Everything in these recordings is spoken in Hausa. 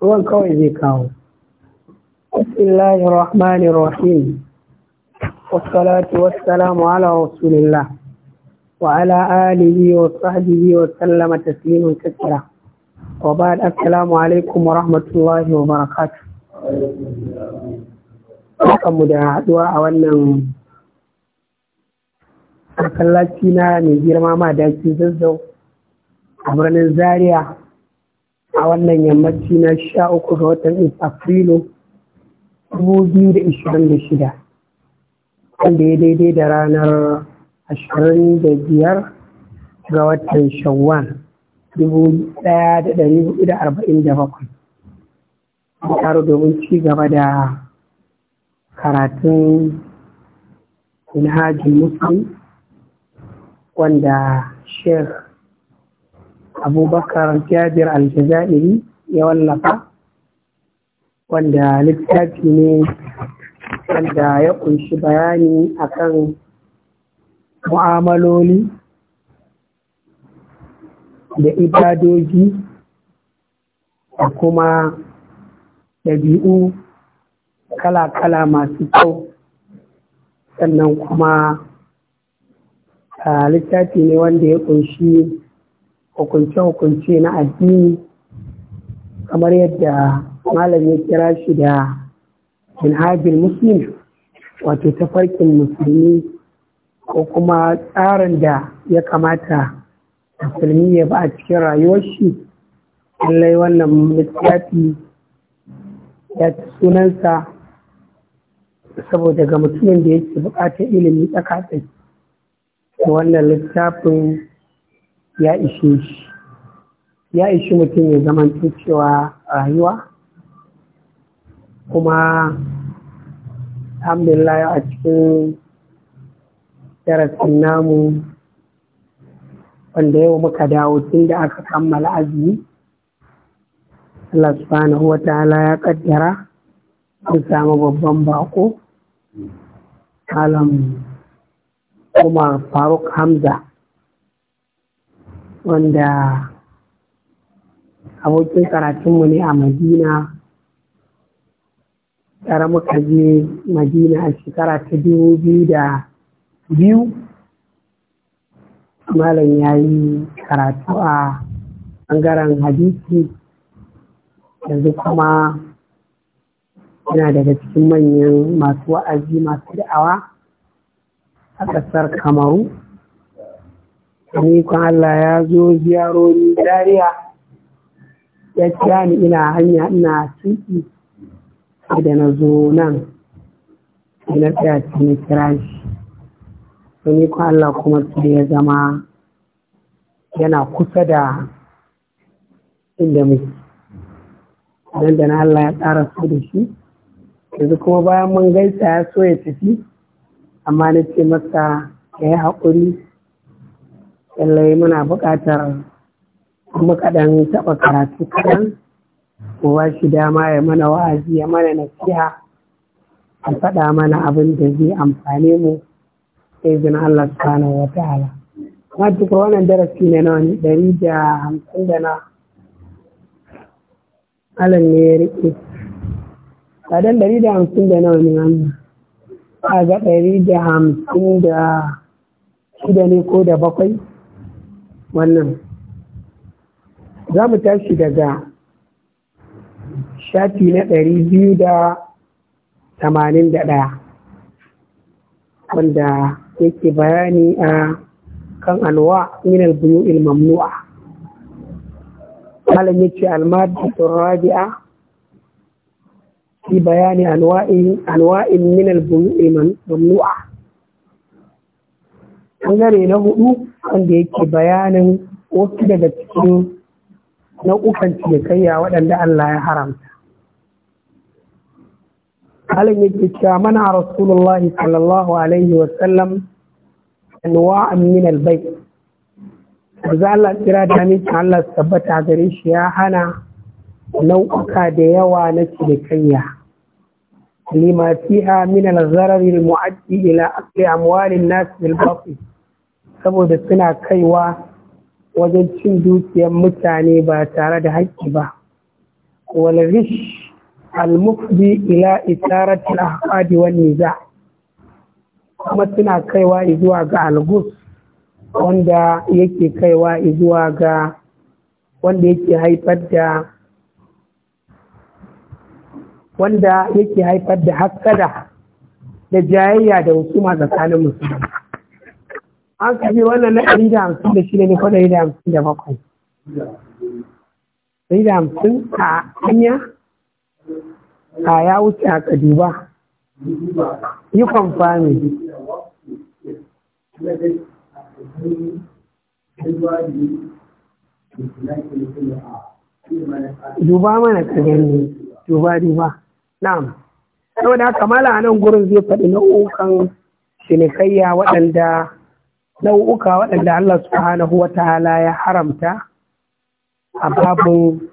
ruwan kawai zai kawo bismillahir rahmanir rahim wassalatu wassalamu ala rasulillah wa ala alihi wa sahbihi wa sallama taslimin kathira wa ba'd assalamu alaikum wa rahmatullahi wa barakatuh Kamu da haduwa a wannan masallaci na mai girma ma daki zazzau a birnin zaria a wannan yammaci na sha uku ga watan afrilu 2026 wanda ya daidai da ranar 25 ga watan shawwal 1447 taro domin ci gaba da karatun minhajin muslim wanda sheikh abubakar jabir aljazairi ya wallafa wanda littafi ne wanda ya kunshi bayani akan mu'amaloli da ibadoji da kuma ɗabi'u kala-kala masu kyau sannan kuma ah, littafi ne wanda ya kunshi hukunce-hukunce na addini kamar yadda malam ya kira shi da minhajin muslim wato ta farkin musulmi ko kuma tsarin da ya kamata musulmi ya ba a cikin rayuwar shi lallai wannan littafi ya ci sunansa saboda ga mutumin da yake bukatar ilimi tsakatsaki wannan littafin ya ishe shi ya ishi mutum ya zama cewa rayuwa kuma alhamdulillah a cikin darasin namu wanda yau muka dawo tun da aka kammala azumi Allah subhanahu wa ta'ala ya kaddara an samu babban bako alam kuma faruk hamza wanda abokin karatunmu ne a madina tsara muka je madina a shekara ta dubu biyu da biyu malam ya yi karatu a ɓangaren hadisi yanzu kuma yana daga cikin manyan masu wa'azi masu da'awa a ƙasar kamaru ko Allah ya zo ziyarori dariya ya ni ina hanya ina tuki da na zo nan ina tsaya na kira shi. Amikon Allah kuma sai ya zama yana kusa da inda muke. Nan da na Allah ya tsara su da shi, yanzu kuma bayan mun gaisa ya so ya tafi, amma na ce masa ya yi haƙuri lallai muna buƙatar kuma kaɗan taɓa karatu kaɗan mu ba shi dama ya mana wa'azi ya mana nasiha a faɗa mana abin da zai amfane mu sai zina Allah subhanahu wa ta'ala kuma duka wannan darasi ne na ɗari da hamsin da na alan ne ya riƙe tsadan ɗari da hamsin da na wani ne ba ga ɗari da hamsin da shida ne ko da bakwai wannan za mu tashi daga shafi na ɗari biyu da tamanin da ɗaya wanda yake bayani a kan alwa min albuyu ilmamnu'a malam ya ce almadu rabi'a fi bayani alwa'in min albuyu ilmamnu'a ɓangare na hudu wanda yake bayanin wasu daga cikin nau'ukan cinikayya waɗanda Allah ya haramta. Halin yake cewa mana Rasulullahi sallallahu Alaihi wasallam anwa'an min albai. Za Allah da Allah su tabbata gare shi ya hana nau'uka da yawa na cinikayya. Lima fiha min al zarar al-mu'addi ila akli amwalin nas bil batil. saboda suna kaiwa wajen cin dukiyar mutane ba tare da haƙƙi ba walrish al-mufdi ila isaratul ahqadi wan niza kuma suna kaiwa zuwa ga algus wanda yake kaiwa zuwa ga wanda yake haifar da wanda yake haifar da hassada da jayayya da husuma tsakanin musulmi an kaji wannan na ɗari da hamsin da shi ne ko ɗari da hamsin da bakwai ɗari da hamsin a hanya a ya wuce a kaduba yi kwamfani. duba mana ka gani duba duba na'am saboda haka kamala a nan gurin zai faɗi nau'ukan cinikayya waɗanda nau'uka waɗanda Allah subhanahu wa ta'ala ya haramta a babin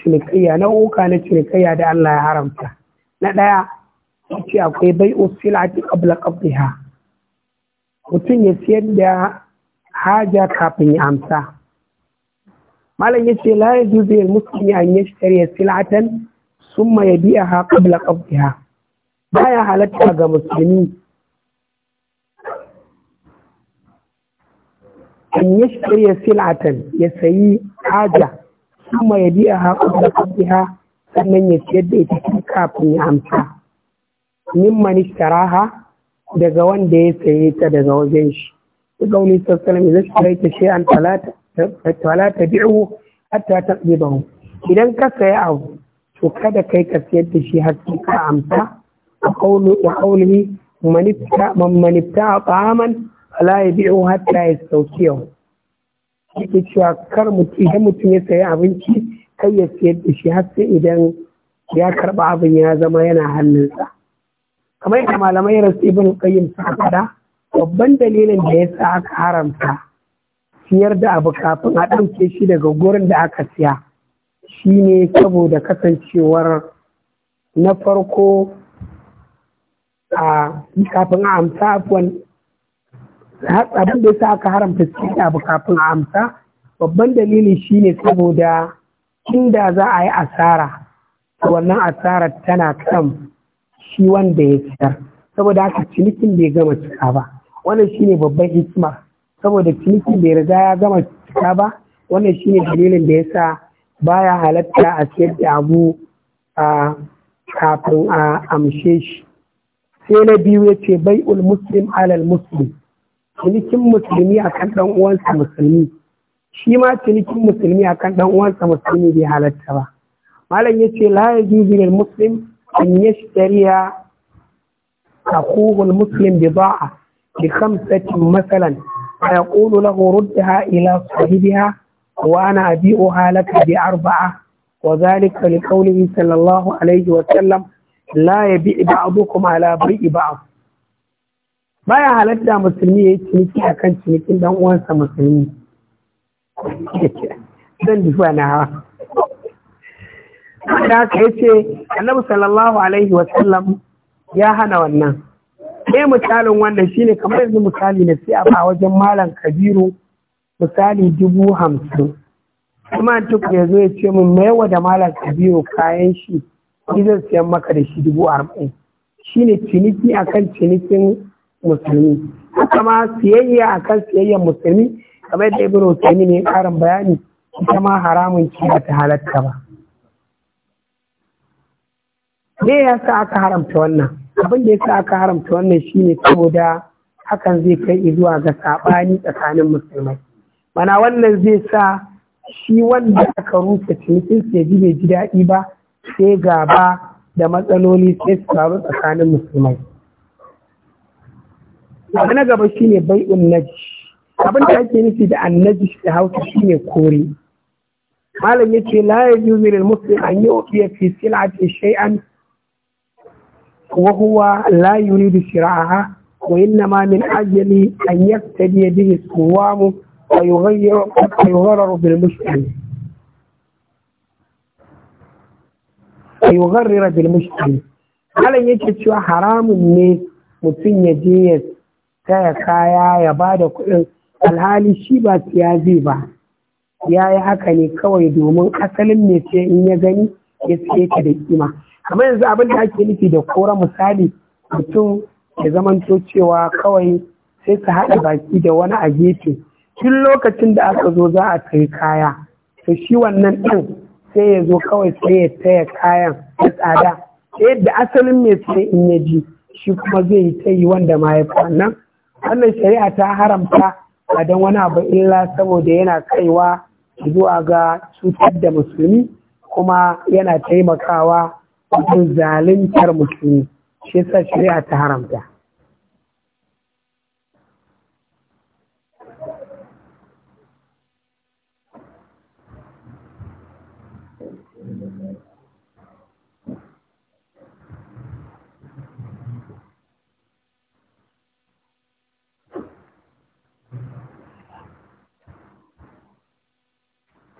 cinikayya nau'uka na cinikayya da Allah ya haramta na ɗaya ce akwai bai usilati qabla qabdiha mutum ya siyar da haja kafin ya amsa malam ya ce yajuzu lil musulmi an yashtari silatan summa yabi'aha qabla qabdiha baya halatta ga musulmi an shirya sil'atan ya sayi haja kuma ya biya haƙo da ha sannan ya ciyar da ita tun kafin ya amsa min manishtaraha daga wanda ya saye ta daga wajen shi daga wani sassalam ya zai ta shi talata bi'u hatta ta mu idan ka saya abu to kada kai ka siyar da shi har ka amsa a ƙaunin wa qawlihi man Bala ya biyo hatta ya sauki yau yake cewa kar mutum idan mutum ya sayi abinci kai ya sayar da shi har sai idan ya karba abin ya zama yana hannunsa kamar yadda malamai ya rasu ibn qayyim suka babban dalilin da ya sa aka haramta siyar da abu kafin a ɗauke shi daga gurin da aka siya shine saboda kasancewar na farko a kafin a amsa abin da ya sa aka haramta cikin abu kafin a amsa babban dalili shine saboda inda za a yi asara wannan asarar tana kan shi wanda ya ciyar saboda haka cinikin bai gama cika ba wannan shine babban hikima saboda cinikin bai riga ya gama cika ba wannan shine dalilin da ya yasa baya halatta a siyar da abu a kafin a amshe shi sai na biyu ya ce bai'ul muslim alal muslim cinikin musulmi a kan ɗan uwansa musulmi shi ma cinikin musulmi a kan ɗan uwansa musulmi bai halatta ba malam ya ce la ya juzu lil muslim an yashtariya akhuhu al muslim bida'a bi khamsatin masalan ya yaqulu lahu ruddaha ila sahibiha wa ana abi'uha laka bi arba'a wa dhalika li qawlihi sallallahu alaihi wa sallam la yabi' ba'dukum ala bai'i ba'd baya halatta musulmi ya yi ciniki a kan cinikin dan uwansa musulmi zan dufa na hawa da aka yi ce annabi sallallahu alaihi wasallam ya hana wannan ɗaya misalin wannan shine kamar yanzu misali na sai a wajen malam kabiru misali dubu hamsin kuma tuk ya zo ya ce min mai da malam kabiru kayan shi ni zan siyan maka da shi dubu arba'in shine ciniki akan cinikin musulmi haka ma siyayya akan siyayyan musulmi kamar da ibi Uthaymeen ne karin bayani ita ma haramun ce ba ta halatta ba me ya sa aka haramta wannan abin da ya sa aka haramta wannan shine saboda hakan zai kai zuwa ga saɓani tsakanin musulmai mana wannan zai sa shi wanda aka rufe cinikin sai ji bai ji daɗi ba sai gaba da matsaloli sai su faru tsakanin musulmai abu na gaba shine bai'un najish abin da ake nufi da annajish da hausa shine kore malam yace la yajuzu lil muslim an yu'tiya fi sil'ati shay'an wa huwa la yuridu shira'aha wa innama min ajli an yaktadi bihi suwamu wa yughayyiru wa yughayyiru bil muslim ويغرر بالمشكل malam yake cewa haramun ne mutum ya je ya taya kaya ya ba da kuɗin alhali shi ba siya zai ba ya yi haka ne kawai domin asalin mai ce in ya gani ya siye ta da kima kamar yanzu abin da ake nufi da kora misali mutum ya zamanto cewa kawai sai ka haɗa baki da wani a gefe tun lokacin da aka zo za a sayi kaya to shi wannan ɗin sai ya zo kawai sai ya taya kayan da tsada ta yadda asalin mai sai in ya ji shi kuma zai yi ta yi wanda ma ya fi nan wannan shari'a ta haramta a don wani abu illa saboda yana kaiwa zuwa ga cutar da musulmi kuma yana taimakawa wajen zaluntar musulmi shi yasa shari'a ta haramta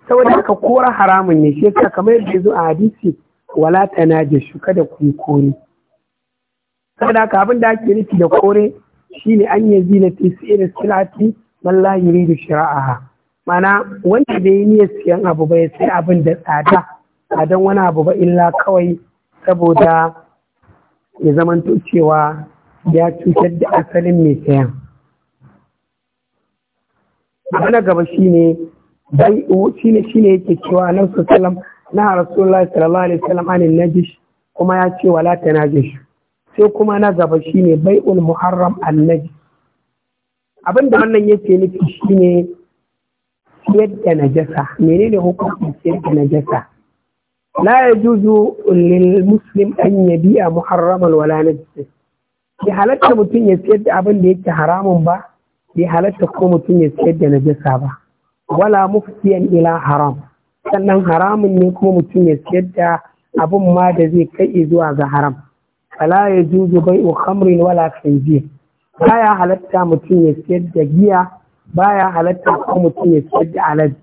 saboda haka kora haramun ne shi kamar yadda zo a hadisi wala ta tanajashu kada ku yi kore saboda haka abin da ake nufi da kore shine an yi zina fi sirri silati man ridu shira'a mana wanda da yi niyyar siyan abu bai sai abin da tsada a don wani abu ba illa kawai saboda ya zamanto cewa ya cutar da asalin mai sayan abu na gaba shine bai shine shine yake cewa nan su sallam na rasulullahi sallallahu alaihi wasallam anin najish kuma ya ce wala ta tanajish sai kuma na gaba shine bai'ul muharram an Abin da wannan yake nufi shine siyar da najasa menene hukuncin siyar da najasa la yajuzu lil muslim an yabi'a muharraman wala najis Ki halatta mutum ya siyar da abin da yake haramun ba ki halatta ko mutum ya siyar da najasa ba wala muftiyan ila haram sannan haramun ne kuma mutum ya siyar da abin ma da zai kai zuwa ga haram fala ya juzu bai'u khamrin wala Ba baya halatta mutum ya siyar da giya baya halatta kuma mutum ya siyar da alade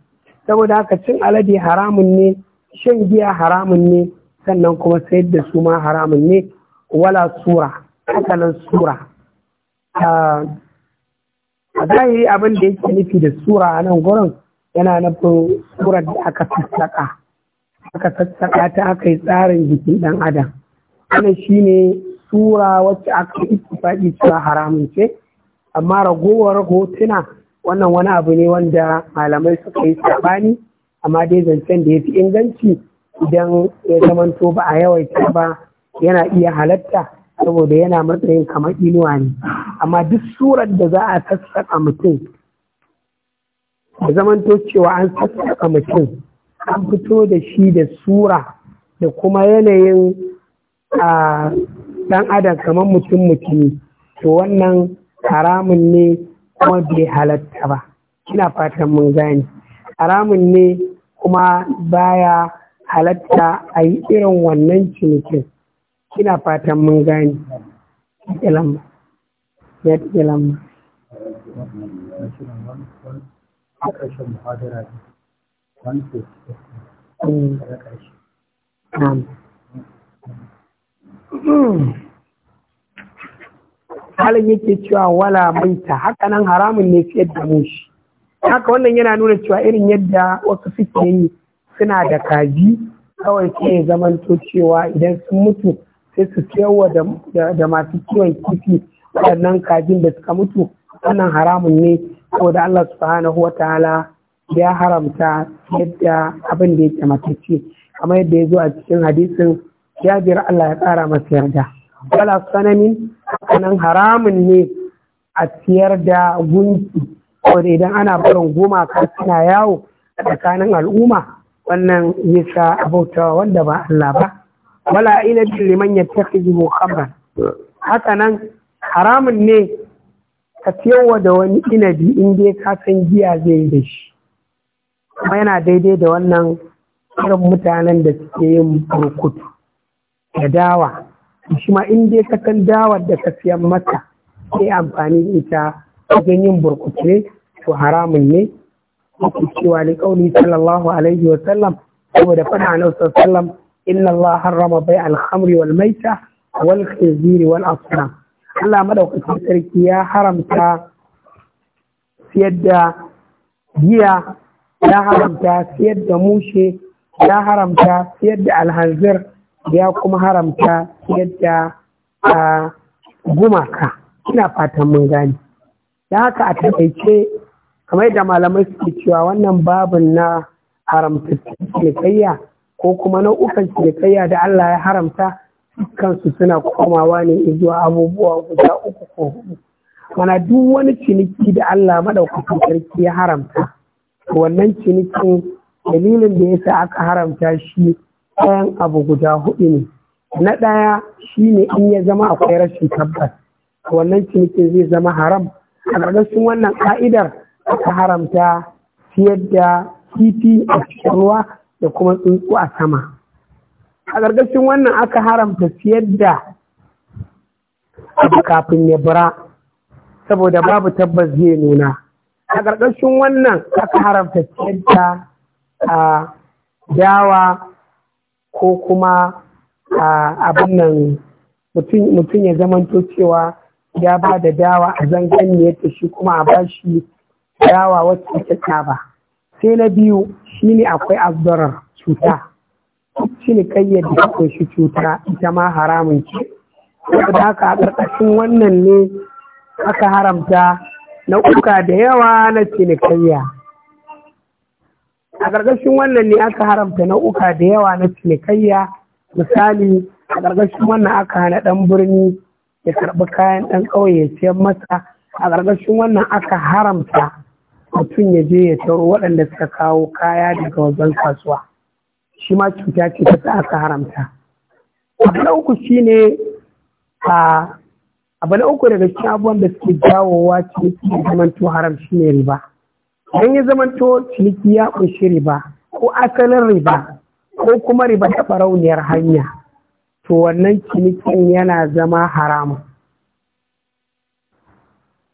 saboda haka cin alade haramun ne shan giya haramun ne sannan kuma sayar da su ma haramun ne wala sura hakanan sura ah, a zahiri abin da yake nufi da sura a nan gurin yana nufin surar da aka sassaƙa aka sassaƙa ta aka yi tsarin jikin ɗan adam shi ne sura wacce aka yi ittifaqi cewa haramun ce amma ragowar hotuna wannan wani abu ne wanda malamai suka yi saɓani amma dai zancen da ya fi inganci idan ya zamanto ba a yawaita ba yana iya halatta saboda yana matsayin kamar inuwa ne amma duk surar da za a sassaka mutum da zamanto cewa an sassaƙa mutum an fito da shi da sura da kuma yanayin a ɗan adam kamar mutum mutumi to wannan haramun ne kuma bai halatta ba Kina fatan mun gane haramun ne kuma baya halatta a yi irin wannan cinikin ina fatan mun gani ya lamba halin yake cewa wala maita haka nan haramun ne fiye da mushi haka wannan yana nuna cewa irin yadda wasu suke yi suna da kaji kawai ke zamanto cewa idan sun mutu sai su ciyarwa da masu kiwon kifi waɗannan kajin da suka mutu wannan haramun ne saboda Allah subhanahu wa ta'ala ya haramta yadda abin da yake matacce kamar yadda ya zo a cikin hadisin jira Allah ya ƙara masa yarda wala sanamin nan haramun ne a siyar da gunki saboda idan ana barin gumaka suna yawo a tsakanin al'umma wannan yasa abautawa wanda ba Allah ba wala ina liman yattakhidhu khamran haka nan haramun ne ka siyowa da wani inabi in dai ka san giya zai yi da shi kuma yana daidai da wannan irin mutanen da suke yin burkutu da dawa shi ma in dai ka san dawar da ka siyan mata sai amfani da ita wajen yin burkutu ne to haramun ne yake cewa ne kauli sallallahu alaihi wa sallam saboda faɗa na sallallahu inna Allah harrama bai alhamri wal maita wal khiziri wal asnam Allah madaukakin sarki ya haramta siyar da giya ya haramta siyar da mushe ya haramta siyar da alhanzir ya kuma haramta siyar da gumaka ina fatan mun gani da haka a taƙaice kamar da malamai suke cewa wannan babin na haramtattun cinikayya ko kuma nau'ukan cinikayya da Allah ya haramta Kansu suna komawa ne zuwa abubuwa guda uku ko hudu mana duk wani ciniki da Allah maɗaukakin sarki ya haramta wannan cinikin dalilin da ya sa aka haramta shi ɗayan abu guda hudu ne na ɗaya shi ne in ya zama akwai rashin tabbas wannan cinikin zai zama haram a ƙarƙashin wannan ƙa'idar aka haramta fiye da kifi a cikin ruwa da kuma tsuntsu a sama a gargashin wannan aka haramta siyar da kafin ya bura saboda babu tabbas zai nuna a gargashin wannan aka haramta siyar da a dawa ko kuma a abin nan mutum ya zamanto cewa ya ba da dawa a zangan ne ya shi kuma a bashi dawa wacce ta ba sai na biyu ne akwai azdarar cuta kayyar da kai shi cuta ita ma haramun ce saboda haka a ƙarƙashin wannan ne aka haramta nau'uka da yawa na cinikayya a ƙarƙashin wannan ne aka haramta nau'uka da yawa na cinikayya misali a ƙarƙashin wannan aka hana ɗan birni ya karɓi kayan ɗan ƙauye ya masa a ƙarƙashin wannan aka haramta mutum ya je ya taro waɗanda suka kawo kaya daga wajen kasuwa shi ma cuta ce ta aka haramta abu na uku shi a abu na uku daga cikin abubuwan da suke jawowa ciniki ya zamanto haram ne riba idan ya zamanto ciniki ya ƙunshi riba ko asalin riba ko kuma riba ta barauniyar hanya to wannan cinikin yana zama haramun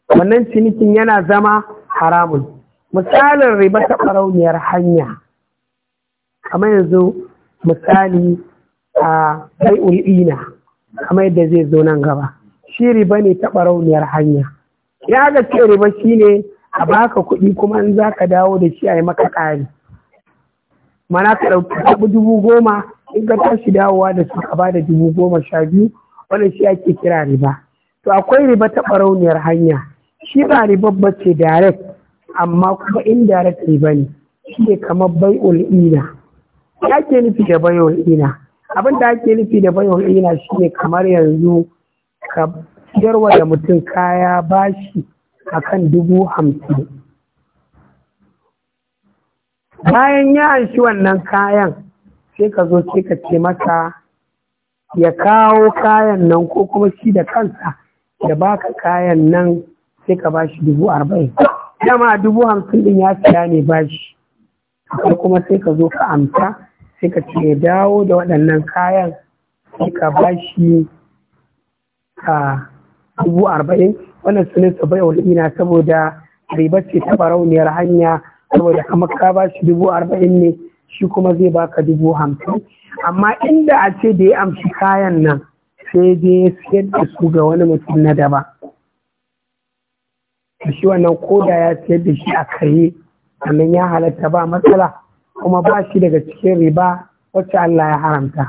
wannan cinikin yana zama haramun misalin riba ta ɓarauniyar hanya kamar yanzu misali a sai ul'ina kamar yadda zai zo nan gaba shi riba ne ta ɓarauniyar hanya ya ga ce riba shi ne a baka kuɗi kuma in za ka dawo da shi a yi maka ƙari mana ka ɗauki abu dubu goma in ka tashi dawowa da su ka bada dubu goma sha biyu wannan shi ake kira riba to akwai riba ta ɓarauniyar hanya shi ba riba bace direct amma kuma indirectly ba ne shi ne kamar bai'ul ina ya ke nufi da bai'ul ina abin da ake nufi da bai'ul ina shi ne kamar yanzu ka siyarwa da mutum kaya bashi akan dubu hamsin bayan ya shi wannan kayan sai ka zo sai ka ce masa ya kawo kayan nan ko kuma shi da kansa da baka kayan nan sai ka bashi dubu arba'in dama dubu hamsin din ya siya ne bashi akwai kuma sai ka zo ka amsa sai ka ce dawo da waɗannan kayan sai ka bashi a dubu arba'in wannan su ne su bai ina saboda riba ce ta barauniyar hanya saboda kamar ka bashi dubu arba'in ne shi kuma zai baka dubu hamsin amma inda a ce da ya amshi kayan nan sai dai ya siyar da su ga wani mutum na daba da shi wannan koda ya sayar da shi a kare sannan ya halatta ba matsala kuma ba shi daga cikin riba wacce Allah ya haramta.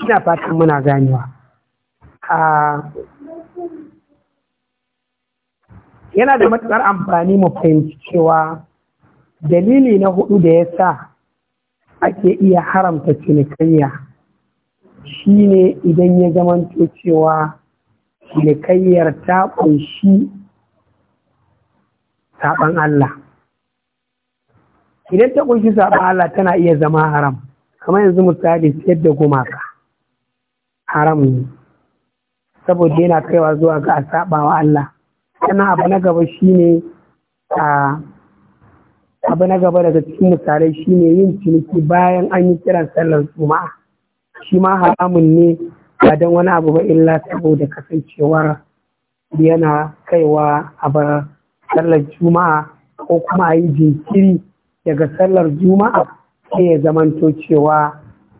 Ina fatan muna ganewa. Yana da matuƙar amfani mu fahimci cewa dalili na hudu da ya sa ake iya haramta cinikayya. Shi ne idan ya zamanto cewa cinikayyar ta ƙunshi saɓan Allah idan ta ƙunshi saɓan Allah tana iya zama haram kamar yanzu misali siyar da gumaka haram ne saboda yana kaiwa zuwa ga a saɓawa Allah sannan abu na gaba ne a abu na gaba daga cikin misalai shine yin ciniki bayan an yi kiran sallar juma'a shi ma haramun ne ba don wani abu ba illa saboda kasancewar yana kaiwa a bar sallar juma'a ko kuma a yi jinkiri daga sallar juma'a sai ya zamanto cewa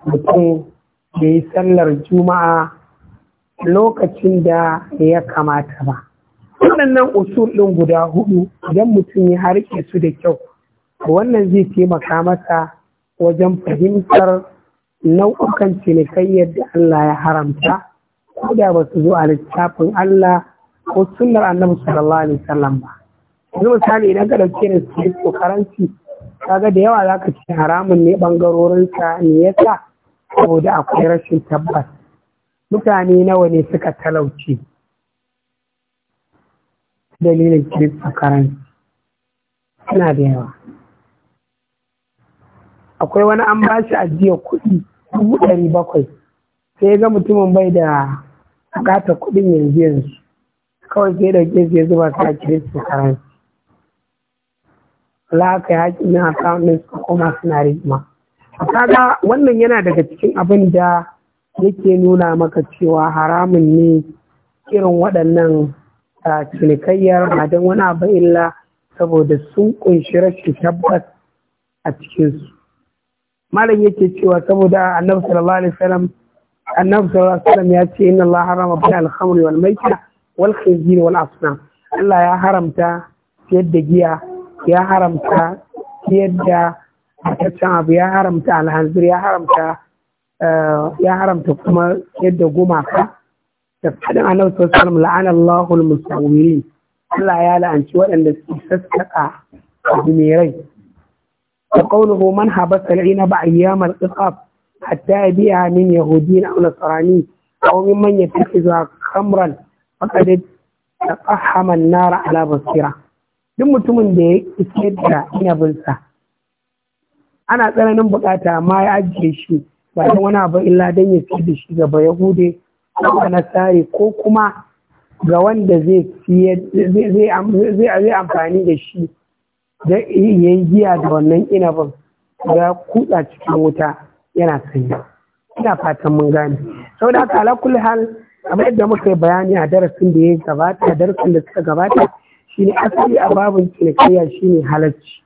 mutum ya yi sallar juma'a lokacin da ya kamata ba waɗannan usul ɗin guda hudu idan mutum ya harke su da kyau wannan zai taimaka masa wajen fahimtar nau'ukan cinikai yadda Allah ya haramta ko da ba su zo a littafin Allah ko sunnar annabi sallallahu alaihi wasallam ba yanzu misali idan ka dauke da su karanci kaga da yawa zaka ci haramun ne bangarorin sa ne yasa saboda akwai rashin tabbas mutane nawa ne suka talauci dalilin kirista karanci suna da yawa akwai wani an ba shi ajiyar kuɗi dubu ɗari bakwai sai ga mutumin bai da bukatar kuɗin yanzu yanzu kawai sai da ke sai zuba ka kirista karanci la ka yaƙi na account din suka koma suna rigima kaga wannan yana daga cikin abin da yake nuna maka cewa haramun ne irin waɗannan cinikayyar madan don wani abu illa saboda sun ƙunshi rashin tabbas a cikinsu malam yake cewa saboda annabi sallallahu alaihi wasallam annabi sallallahu alaihi wasallam ya ce inna Allah harama bi al-khamr wal maita wal khinzir wal asnam Allah ya haramta siyar da giya ya haramta siyar da mataccen abu ya haramta alhanzir ya haramta eh, ya haramta kuma siyar da gumaka da fadin annabi sallallahu alaihi wasallam la'ana Allahu al Allah ya la'anci waɗanda suke sassaƙa abu mai rai وقوله من حبس العنب أيام القصاب حتى يبيعها من يهودي أو نصراني أو ممن يتخذها خمرا فقد تقحم النار على بصيرة duk mutumin da ya iske da inabinsa ana tsananin bukata ma ya ajiye shi ba wani abu illa don ya fi da shi gaba yahude ko nasari ko kuma ga wanda zai amfani da shi da ya yi giya da wannan inabin ya kuɗa cikin wuta yana sanyi ina fatan mun gane sau da kala hal kamar yadda muka yi bayani a darasin da ya gabata darasin da suka gabata shine asali a babin cinikayya shine halarci.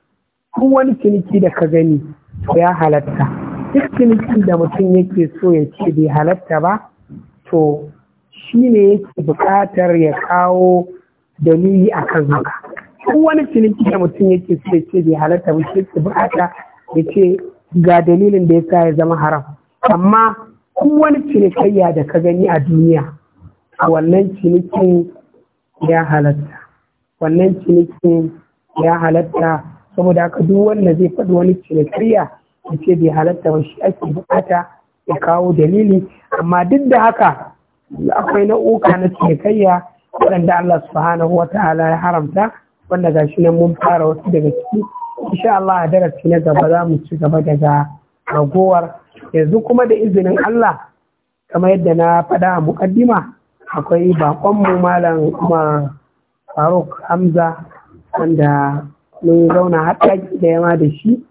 kun wani ciniki da ka gani to ya halatta duk cinikin da mutum yake so ya ce bai halatta ba to shine yake bukatar ya kawo dalili akan haka wani ciniki da mutum yake so ya ce bai halatta ba shi ke bukata ya ce ga dalilin da ya sa ya zama haram amma wani cinikayya da ka gani a duniya a wannan cinikin ya halatta wannan cinikin ya halatta saboda haka duk wanda zai faɗi wani cinikayya ya ce bai halatta ba shi ake bukata ya kawo dalili amma duk da haka akwai nau'uka na cinikayya waɗanda Allah subhanahu wa ta'ala ya haramta wanda ga shi nan mun fara wasu daga ciki insha Allah a darasi na gaba za mu ci gaba daga ragowar yanzu kuma da izinin Allah kamar yadda na faɗa a muƙaddima akwai mu malam kuma faruk hamza wanda mun zauna haɗaki da yama da shi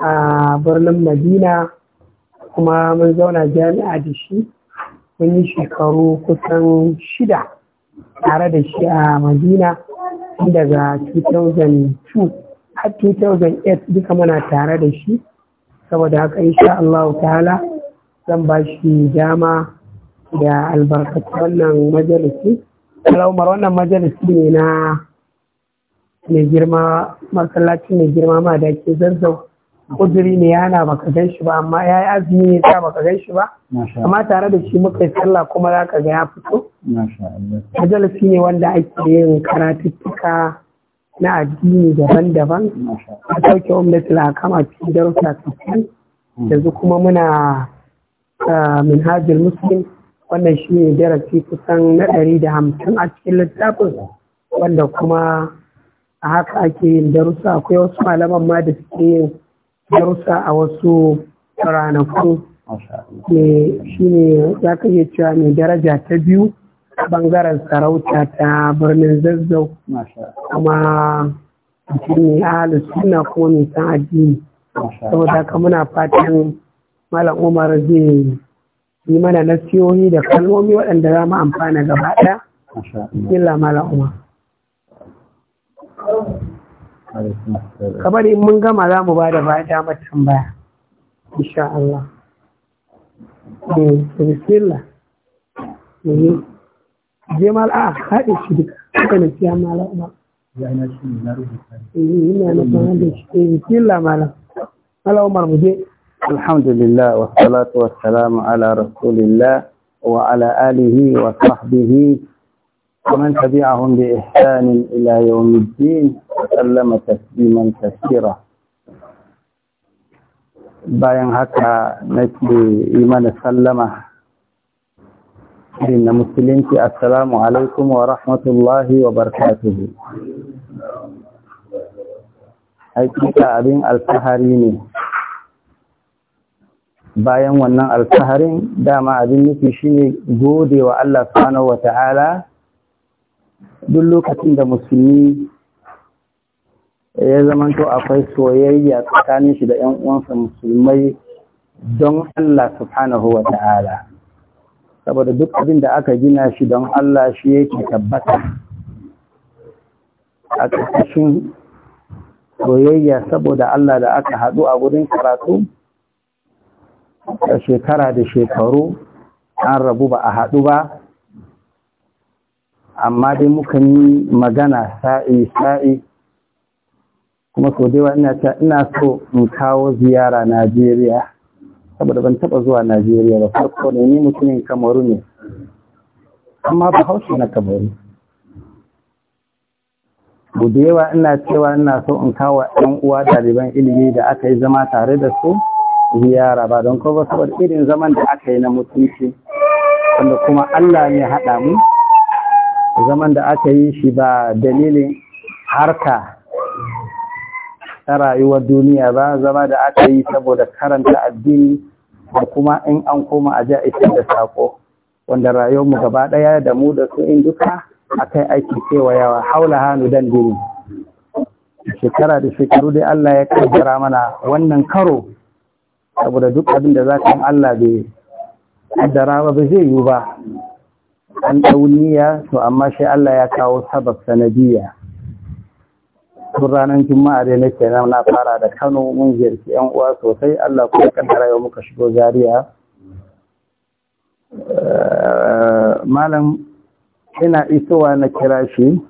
a birnin madina kuma mun zauna jami'a da shi mun yi shekaru kusan shida tare da shi a madina daga 2002 har 2008 duka mana tare da shi saboda haka insha Allah ta'ala zan ba shi dama da albarkatu wannan majalisi al'ummar wannan majalisi ne na mai girma masallacin mai girma ma da ke zazzau kuduri ne yana baka gan shi ba amma ya yi azumi ne ta baka gan shi ba amma tare da shi muka yi sallah kuma za ka ga ya fito majalisi ne wanda ake yin karatuttuka na addini daban-daban a sauke gwamnati lakama cikin darussa sosai hmm. yanzu kuma muna hajjil muslim wannan shi ne darasi kusan na ɗari da hamsin a cikin littafin wanda kuma a haka ake yin darussa akwai wasu malaman ma da suke yin darussa a wasu ranaku shi ne ya iya cewa mai daraja ta biyu a bangaren sarauta ta birnin zazzau kuma shi ne ahalu suna kuma mai san addini saboda haka muna fatan malam umar zai yi mana siyoyi da kalmomi waɗanda za mu amfana gaba ɗaya. Bismillah malam umar. kamar in mun gama za mu ba da ba damar tambaya insha Allah eh, bismillah eh, jemal a ah, haɗe shi duka suka na fiya eh, alhamdulillah wa salatu ala rasulillah wa alihi wa ومن تبعهم بإحسان إلى يوم الدين وسلم تسليما كثيرا bayan haka na yi mana sallama irin na musulunci assalamu alaikum wa rahmatullahi wa barakatuhu haƙiƙa abin alfahari ne bayan wannan alfaharin dama abin nufi shine gode wa Allah subhanahu wa ta'ala duk lokacin da musulmi ya zamanto akwai soyayya tsakanin shi da ‘yan uwansa musulmai don Allah subhanahu wa ta'ala saboda duk abin da aka gina shi don Allah shi yake tabbata a ƙarƙashin soyayya saboda Allah da aka haɗu a wurin karatu da shekara da shekaru an rabu ba a haɗu ba amma dai mukan yi magana sa'i sa'i kuma so daiwa ina ta ina so in kawo ziyara Najeriya saboda ban taba zuwa Najeriya ba farko ne ni mutumin Kamaru ne amma ba hausa na Kamaru bu yawa ina cewa ina so in kawo ɗan uwa ɗaliban ilimi da aka yi zama tare da su ziyara ba don kuma saboda irin zaman da aka yi na mutunci wanda kuma Allah ne haɗa mu zaman da aka yi shi ba dalilin harka ta rayuwar duniya ba zama da aka yi saboda karanta addini da kuma in an koma a ja'ishe da saƙo wanda rayuwar mu gaba ɗaya da mu da su in duka akai aiki kewayawa haula hannu dan dini shekara da shekaru dai Allah ya kaddara mana wannan karo saboda duk abin da za ka Allah bai kaddara ba ba zai yiwu ba an dauniya to amma shi Allah ya kawo sabab sanadiya tun ranar juma'a dai nake nan na fara da Kano mun ziyarci yan uwa sosai Allah kuma kaddara yau muka shigo Zaria eh, malam ina isowa na kira shi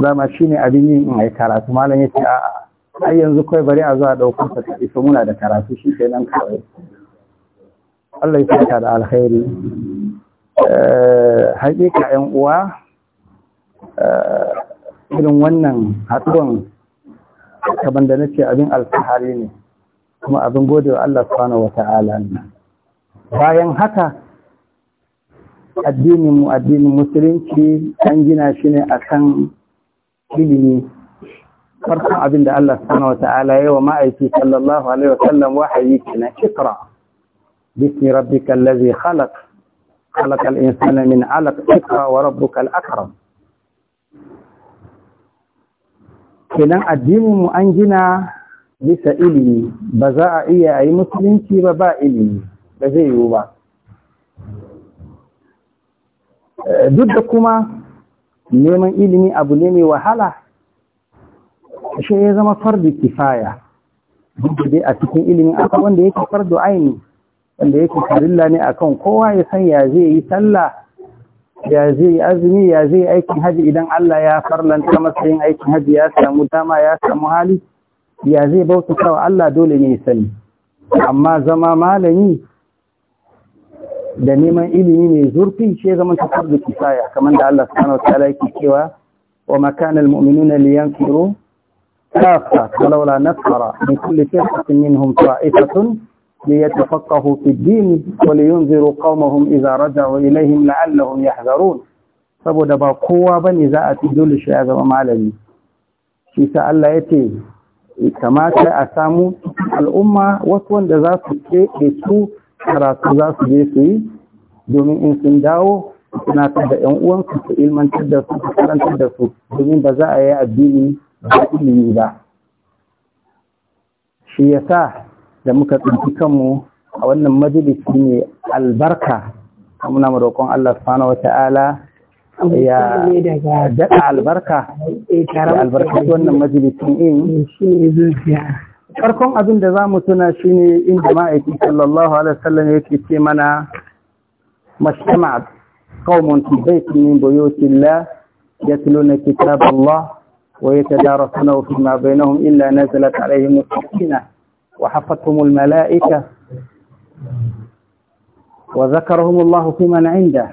zama ne abin yin mai karatu malam yace a'a ai yanzu kai bari a zuwa daukar ta iso muna da karatu shi kenan kawai Allah ya saka da alkhairi Eh, haƙiƙa ‘yan uwa eh, irin wannan haɗuwan kaban da nace abin alfahari ne kuma abin gode wa Allah subhanahu wa ta'ala ne bayan haka addinin mu addinin musulunci an gina shi ne a akan ilimi farkon abin da Allah subhanahu wa ta'ala yawa ma'aiki sallallahu alaihi wa sallam ke na ikra bismi rabbikal ladzi khalaq خلق الإنسان من علق اقرأ وربك الأكرم kenan addinin mu an gina bisa ilimi ba za a iya yi musulunci ba ba ilimi ba zai yiwu ba duk da kuma neman ilimi abu ne mai wahala shi ya zama fardi kifaya duk da dai a cikin ilimin aka wanda yake da aini wanda yake farilla ne akan kowa ya san ya zai yi sallah ya zai azumi ya zai yi aikin haji idan Allah ya farlanta masa yin aikin haji ya samu dama ya samu hali ya zai bautata wa Allah dole ne ya sani amma zama malami da neman ilimi mai zurfi shi ya zama tafar da kisaya kamar da Allah subhanahu wataala yake cewa wa makana almu'minuna liyanfiru kafa walaula nasara min kulli firqatin minhum ta'ifatun ليتفقهوا في الدين ولينذروا قومهم إذا رجعوا إليهم لعلهم يحذرون saboda ba kowa bane za a ci dole shi ya zama malami shi sa Allah ya ce kamata a samu al'umma wasu wanda za su ke su karatu za su je su yi domin in sun dawo suna da ‘yan uwansu su ilmantar da su karantar da su domin ba za a yi addini ba ilimi ba shi yasa da muka tsinci kanmu a wannan majalisi ne albarka muna mu roƙon Allah subhanahu wata'ala ya daɗa albarka Ya albarka wannan majalisin in farkon abin da za mu tuna shi ne inda ma'aiki sallallahu alaihi wasallam yake ce mana mashtama'at qaumun fi baitin min buyutillah yatluna kitaballah wa yatadarasuna fi ma bainahum illa nazalat alaihim as-sakinah وحفتهم الملائكة وذكرهم الله في من عنده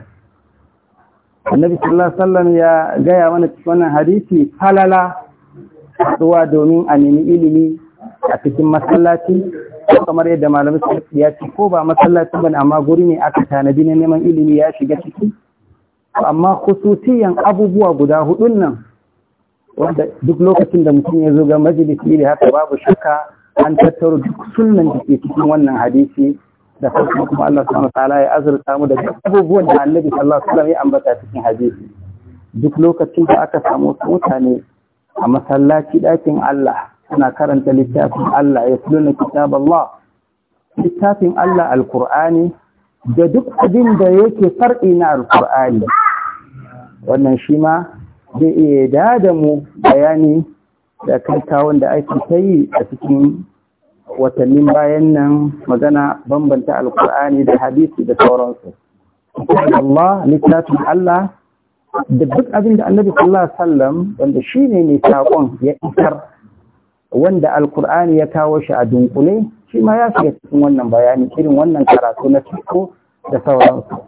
النبي صلى الله عليه وسلم يا جاي وانا تسوانا حديثي لا سوى دونين أنيني إلمي أتكين مسلاتي kamar yadda malamai ya ce ko ba masallaci bane amma guri ne aka tanadi na neman ilimi ya shiga ciki amma khususiyan abubuwa guda hudun nan wanda duk lokacin da mutum ya zo ga majalisi ne haka babu shakka an tattaro duk sunan da ke cikin wannan hadisi da farko kuma Allah subhanahu ta'ala ya azurta mu da abubuwan da Annabi sallallahu alaihi wasallam ya ambata cikin hadisi duk lokacin da aka samu mutane a masallaci dakin Allah suna karanta littafin Allah ya tuluna kitab Allah littafin Allah alkur'ani da duk abin da yake farɗi na alkur'ani wannan shi ma zai iya da mu bayani da kan kawon da aiki ta yi a cikin watannin bayan nan magana bambanta alkur'ani da hadisi da sauransu. Allah littafin Allah da duk abin da annabi sallallahu alaihi wasallam wanda shine mai sakon ya isar wanda alkur'ani ya kawo shi a dunkule shi ma ya shiga cikin wannan bayani irin wannan karatu na ciko da sauransu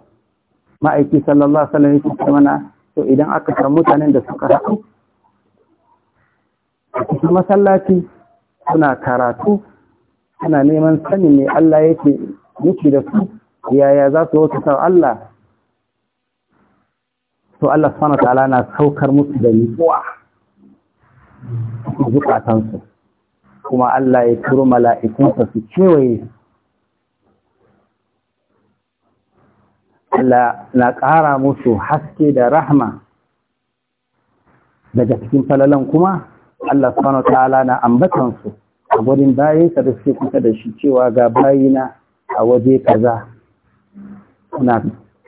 ma'aiki sallallahu alaihi wasallam ya ce mana to idan aka san mutanen da suka haɗu a cikin masallaci suna karatu suna neman sani ne Allah yake yake da su yaya za su wata sau Allah to Allah subhanahu ta'ala na saukar musu da nutsuwa zukatansu kuma Allah ya turo mala'ikunsa su kewaye Allah na ƙara musu haske da rahma daga cikin falalan kuma Allah subhanahu ta'ala na ambatan su a gurin bayin sa da suke kusa da shi cewa ga bayina a waje kaza suna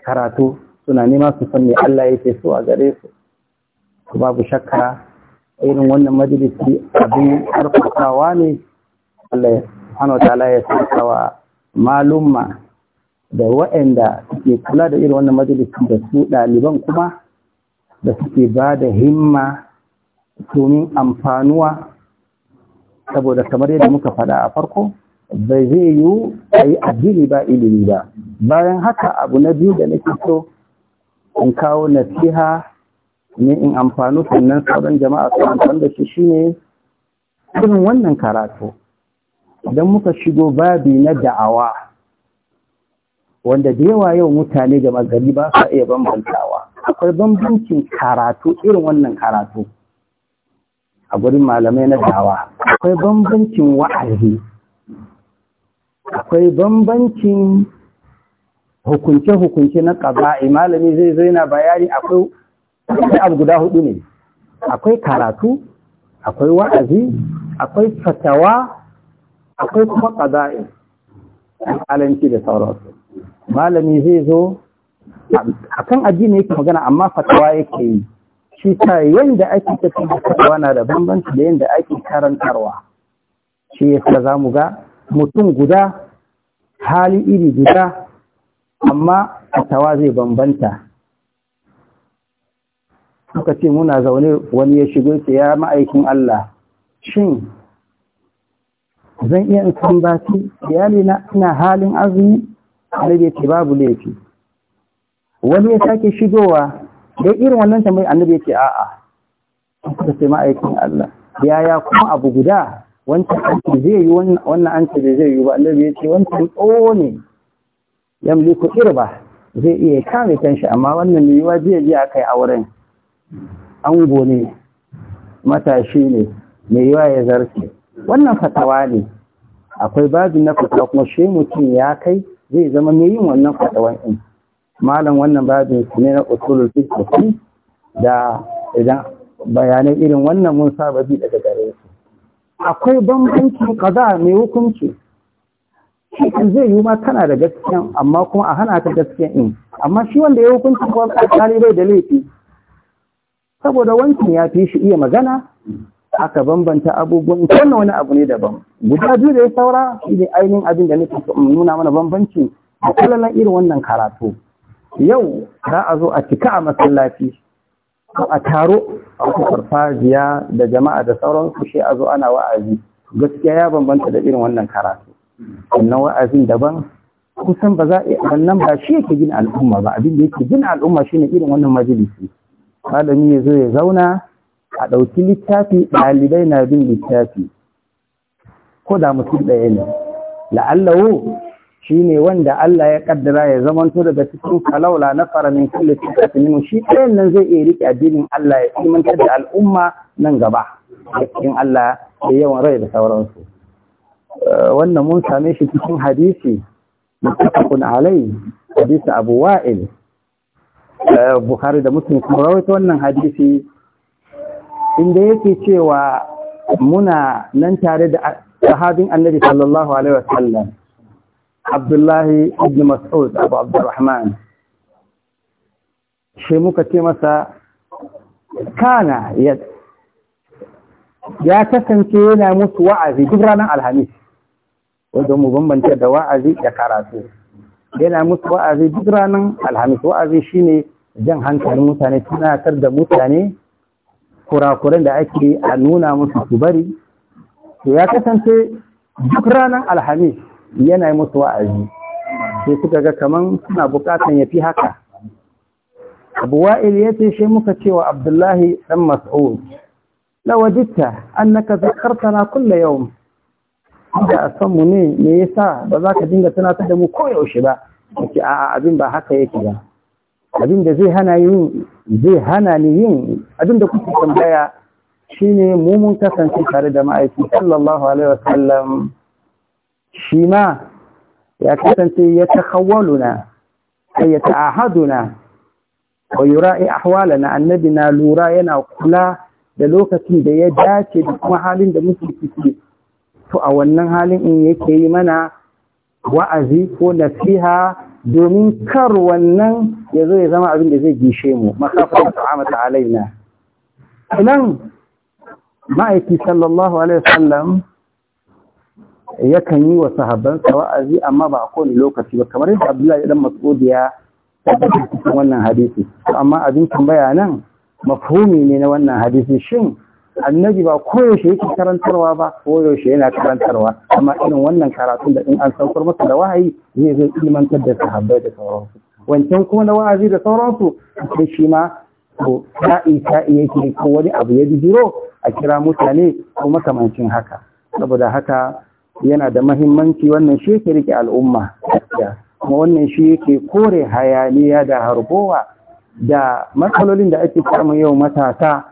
karatu suna nema su san me Allah yake so a gare su babu shakka irin wannan majalisi abin karfafawa ne Allah ya wa ta'ala ya saka wa malumma da wa'anda suke kula da irin wannan majalisi da su ɗaliban kuma da suke ba da himma domin amfanuwa saboda kamar yadda muka faɗa a farko bai zai yi a yi addini ba ilimi ba bayan haka abu na biyu da nake so in kawo nasiha ne in amfanu sannan sauran jama'a su amfani da shi shine irin wannan karatu idan muka shigo babi na da'awa wanda da yawa yau mutane da magari ba sa iya bambantawa akwai bambancin karatu irin wannan karatu a gurin malamai na dawa akwai bambancin wa'azi akwai bambancin hukunce-hukunce na ƙaba'i malami zai zai na bayani akwai abu guda hudu ne akwai karatu akwai wa'azi akwai fatawa akwai kuma ƙaba'i alanci da sauransu malami zai zo a kan addini yake magana amma fatawa yake yi shi ta yanda ake tafi da na da bambanci da yanda ake karantarwa shi yasa za mu ga mutum guda hali iri guda amma tawa zai bambanta suka ce muna zaune wani ya shigo ce ya ma'aikin Allah shin zan iya in san baki iyali na halin azumi ya ce babu laifi wani ya sake shigowa da irin wannan tambayi annabi ya ce a'a kuka sai ma'aikin Allah yaya kuma abu guda wancan anci zai yi wannan anci da zai yi ba annabi ya ce wancan tsoho ne mulku irba zai iya kame kanshi amma wannan mai yiwa zai je a kai auren ango ne matashi ne mai yiwa ya zarce wannan fatawa ne akwai babu na fatawa kuma shi mutum ya kai zai zama mai yin wannan fatawan ɗin malam wannan babin su ne na usulul fiqh da idan bayanai irin wannan mun saba bi daga gare su akwai bambancin kaza mai hukunci shi zai yi ma tana da gaskiya amma kuma a hana ta gaskiya in amma shi wanda ya hukunci kuma alƙali bai da laifi saboda wancan ya fi shi iya magana aka bambanta abubuwan wannan wani abu ne daban guda biyu da ya saura shi ne ainihin abin da nake nuna mana bambanci a kalalan irin wannan karatu yau za a zo a cika a masallaci a taro a wata farfajiya da jama'a da sauransu shi a zo ana wa'azi gaskiya ya bambanta da irin wannan karatu wannan wa'azin daban kusan ba za a wannan ba shi yake gina al'umma ba abin da yake gina al'umma shi ne irin wannan majalisi malami ya zo ya zauna a ɗauki littafi ɗalibai na bin littafi ko da mutum ɗaya ne La'allahu. Shi ne wanda Allah ya kaddara ya zamanto daga cikin kalaula na faramin kullu cikin shi ɗayan nan zai iya riƙe addinin Allah ya imantar da al'umma nan gaba cikin Allah da yawan rai da sauransu eh, wannan mun same shi cikin hadisi muttafaqun alai hadisi Abu Wa'il eh, Buhari da Muslim kuma rawaita wannan hadisi inda yake cewa muna nan tare da sahabin Annabi sallallahu alaihi wasallam abdullahi ibn mas'ud abu abdurrahman shi muka ce masa kana ya kasance yana musu wa'azi duk ranar alhamis wajen mu bambanta da wa'azi karatu yana musu wa'azi duk ranar alhamis wa'azi shine jan hankalin mutane tunatar da mutane kurakuran da ake a nuna musu su bari to ya kasance duk ranar alhamis yana yi musu wa'azi sai suka ga kaman suna bukatan ya fi haka abu wa'il ya ce shi muka cewa abdullahi ɗan mas'ud ka annaka na kulle yau da a sanmu ne me sa? ba za ka dinga tana da mu koyaushe ba yake a abin ba haka yake ba abin da zai hana yin zai hana ni yin abin da kuke tambaya shine mu mun kasance tare da ma'aiki sallallahu alaihi wasallam shi ma ya kasance ya takawwaluna sai ya ta'ahaduna wa yura'i ahwalana annabi na lura yana kula da lokacin da ya dace da kuma halin da muke ciki to a wannan halin in yake yi mana wa'azi ko nasiha domin kar wannan ya zo ya zama abin da zai gishe mu makafa ta'amata alaina nan ma'aiki sallallahu alaihi wasallam yakan yi wa sahabbansa wa'azi amma ba a kowane lokaci ba kamar yadda Abdullahi dan Mas'ud ya tabbata cikin wannan hadisi amma abin tambaya nan mafhumi ne na wannan hadisi shin annabi ba koyaushe yake karantarwa ba koyaushe yana karantarwa amma irin wannan karatun da in an saukar masa da wahayi zai zai ilimantar da sahabbai da sauransu wancan kuma na wa'azi da sauransu sai shi ma ko sa'i sa'i yake ko wani abu ya bijiro a kira mutane ko makamancin haka saboda haka yana da mahimmanci wannan shi ke rike al'umma kuma wannan shi yake kore hayaniya da harbowa da matsalolin da ake samu yau matasa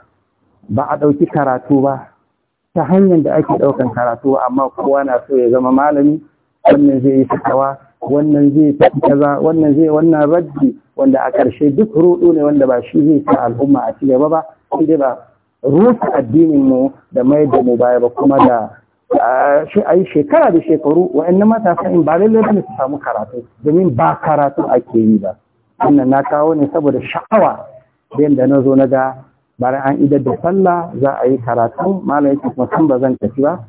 ba a ɗauki karatu ba ta hanyar da ake ɗaukan karatu amma kowa na so ya zama malami wannan zai yi fitawa wannan zai tafi kaza wannan zai wannan rajji wanda a ƙarshe duk ruɗu ne wanda ba shi zai sa al'umma a ci gaba ba sai dai ba rusa addinin mu da mai da mu baya ba kuma da a yi shekara da shekaru wa'annan matasa in ba lallai ne su samu karatu domin ba karatu ake yi ba wannan na kawo ne saboda sha'awa da na zo na ga Bari an idar da sallah za a yi karatu malam yake kuma san ba zan tafi ba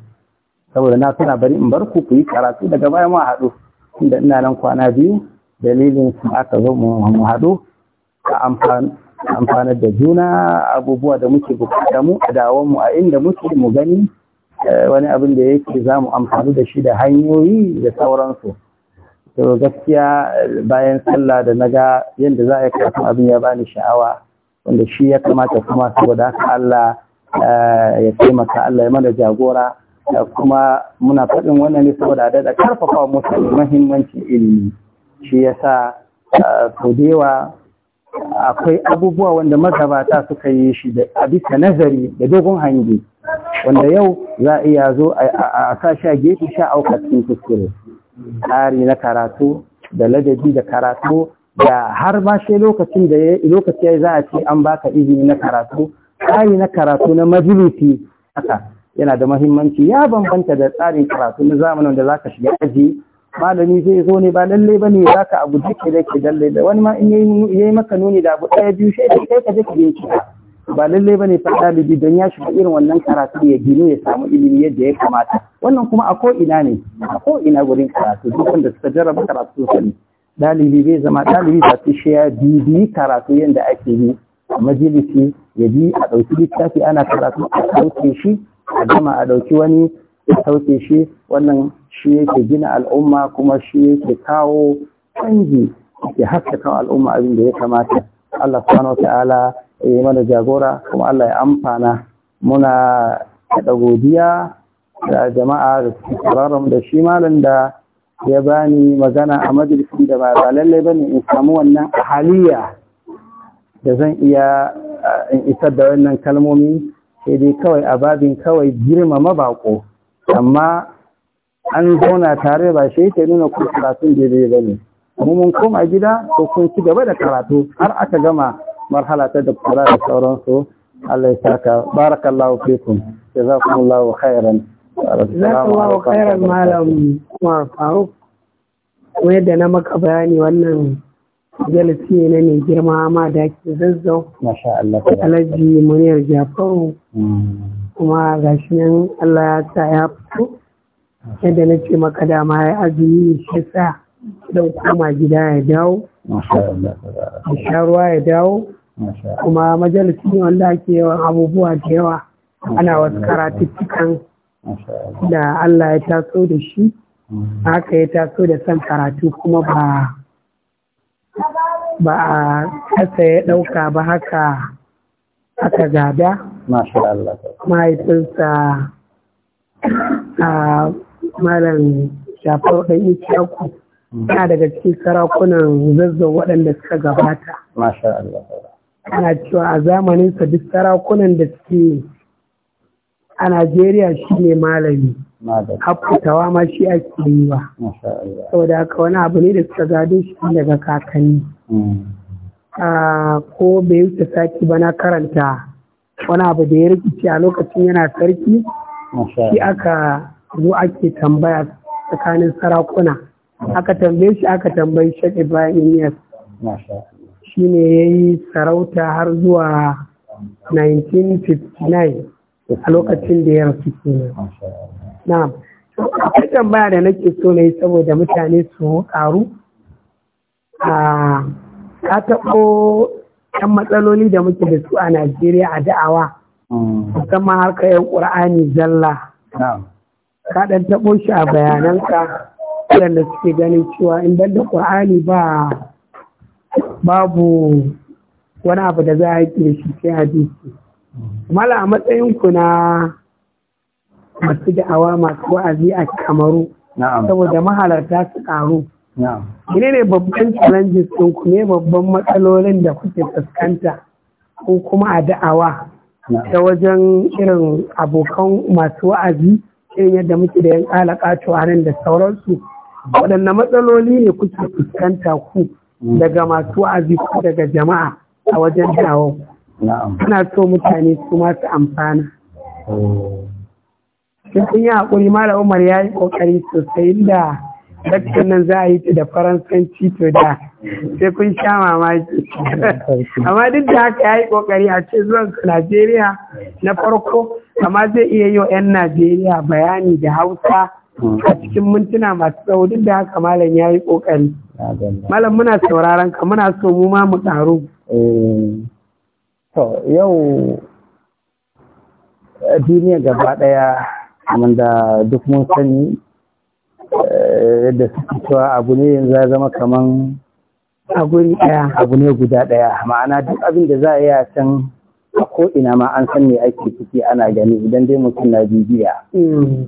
saboda na tana bari in bar ku ku yi karatu daga baya ma haɗu inda ina nan kwana biyu dalilin su aka zo mu haɗu a amfanar da juna abubuwa da muke bukata mu a dawon mu a inda muke mu gani Eh, wani abin da yake za mu amfani da shi da hanyoyi da sauransu to gaskiya bayan sallah da naga yadda za a yi abin ya bani sha'awa wanda shi ya kamata kuma saboda haka Allah eh, ya taimaka Allah ya mana jagora eh, kuma muna faɗin wannan ne saboda a daɗa karfafa musu mahimmancin ilimi shi ya sa yawa akwai abubuwa wanda magabata suka yi shi a bisa nazari da dogon hangi wanda yau za a iya zo a sa sha gefe sha auka cikin kuskure tsari na karatu da ladabi da karatu da har ba shi lokacin da ya lokaci ya za a ce an baka izini na karatu tsari na karatu na majalisi haka yana da mahimmanci ya bambanta da tsarin karatu na zamanin da zaka shiga aji malami zai zo ne ba lalle ba ne za ka abu duke da ke lalle da wani ma in yi maka nuni da abu ɗaya biyu shaidu kai ka je ka bincika ba lallai ba ne ɗalibi don ya shiga irin wannan karatu ya gino ya samu ilimi yadda ya kamata wannan kuma a ko ina ne a ko ina gurin karatu duk wanda suka jarraba karatu sosai. ɗalibi bai zama ɗalibi ba su shiya bibi karatu yadda ake yi a majalisi ya bi a ɗauki littafi ana karatu a sauke shi a gama a ɗauki wani a sauke shi wannan shi yake gina al'umma kuma shi yake kawo canji haska haskaka al'umma abin da ya kamata Allah subhanahu wa ta'ala yi mana jagora kuma Allah ya amfana muna da godiya da jama'a da tsararra da shi malam da ya bani magana a majalisi da ba ba lallai bane in samu wannan haliya da zan iya in isar da wannan kalmomi sai dai kawai a babin kawai girmama bako amma an zauna tare ba shi yake nuna ko karatun daidai bane mu mun koma gida ko kun ci gaba da karatu har aka gama marhala ta doktora da sauransu Allah ya saka barakallahu fikum jazakumullahu khairan jazakumullahu khairan malam kuma Faruk kuma da na maka bayani wannan jalisi ne ne girma ma da ke zazzau masha Allah ta alaji muniyar jafaru kuma gashi nan Allah ya sa ya fito yadda na ce maka da ma ya azumi shi sa don kuma gida ya dawo a sha ruwa ya dawo kuma majalisi wanda ake yawan abubuwa da yawa ana wasu karatuttukan da Allah ya taso da shi haka ya taso da son karatu kuma ba a kasa ya ɗauka ba haka aka gada mahaifinsa a malam shafar ɗan ikiyaku mm. na daga cikin sarakunan zazzau waɗanda suka gabata ana cewa a zamaninsa duk sarakunan da suke a Najeriya shi ne malami haƙutawa ma shi ake yi ba saboda haka wani abu ne da suka gado shi daga kakanni mm. ko bai wuce sati ba na karanta wani abu da ya rikici a lokacin yana sarki shi aka zo ake tambaya tsakanin sarakuna aka tambaye shi aka tambayi shaɗi bayan yes shine ya yi sarauta har zuwa 1959 a lokacin da ya rasu kenan na'am akwai tambaya da nake so na yi saboda mutane su karu ka taɓo ɗan matsaloli da muke da su a najeriya a da'awa musamman har yan ƙur'ani zalla ka ɗan taɓo shi a bayananka waɗanda suke ganin cewa in da ƙur'ani ba babu wani abu da za a yi shi sai hadisi mala a matsayin ku na masu da'awa masu wa'azi a kamaru saboda mahalarta su ƙaru. Mene ne babban challenges ɗin ku ne babban matsalolin da kuke fuskanta ko kuma a da'awa ta wajen irin abokan masu wa'azi irin yadda muke da yan a nan da sauransu waɗanne matsaloli ne kuke fuskanta ku Mm. daga masu wa'azi ko daga jama'a a wajen dawo ana so mutane su masu amfana oh. sun yi haƙuri mala umar ya yi ƙoƙari sosai da lakcin nan za a yi da faransanci to da sai kun sha mamaki amma duk da haka ya yi ƙoƙari a ce zuwan su najeriya na farko amma zai iya yi wa 'yan najeriya bayani da hausa mm. a cikin mintuna masu tsawo duk da haka malam ya yi ƙoƙari malam muna sauraron ka muna so mu ma mu ƙaru eh, to yau eh, duniya gaba ɗaya wanda duk mun sani eh, yadda suke cewa abu ne yanzu ya zama kaman abu ne guda ɗaya ma'ana duk abin da za a yi a can a ko'ina ma an san me ake ciki ana gani idan dai mutum na bibiya mm.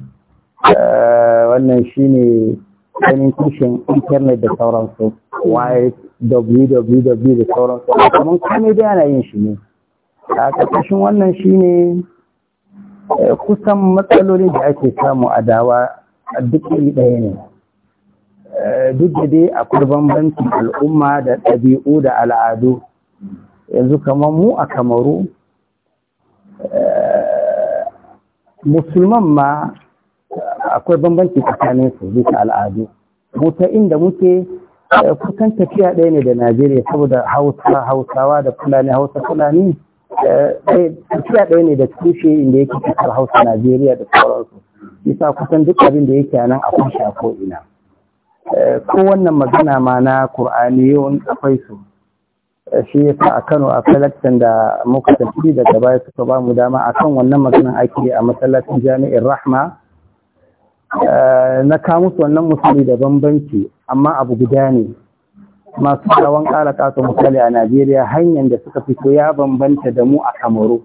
wannan shine ganin tushen intanet da sauransu wires www da sauransu kamar kame da yana yin shi ne a ƙarƙashin wannan shi ne eh, kusan matsalolin da ake samu a dawa a duk iri ɗaya ne eh, duk da dai akwai bambancin al'umma da ɗabi'u da al'adu yanzu kamar mu a kamaru eh, musulman ma akwai bambanci tsakanin su bisa al'adu mu ta inda muke eh, kusan tafiya ɗaya ne da Najeriya saboda Hausa Hausawa da Fulani Hausa Fulani eh, tafiya ɗaya ne da tushe inda yake kasar Hausa Najeriya da sauransu bisa kusan duk abin da yake nan a kushe ko ina. Eh, ko wannan magana ma na Kur'ani yawan akwai su shi ya sa a Kano a kalaktan da muka tafi daga baya suka ba mu dama akan wannan magana ake a masallacin jami'in Rahma Eh, na kamus wannan misali da bambanci amma abu guda ne masu tsawon ƙara ƙasa misali a najeriya hanyar da suka fito ya bambanta da mu a kamaru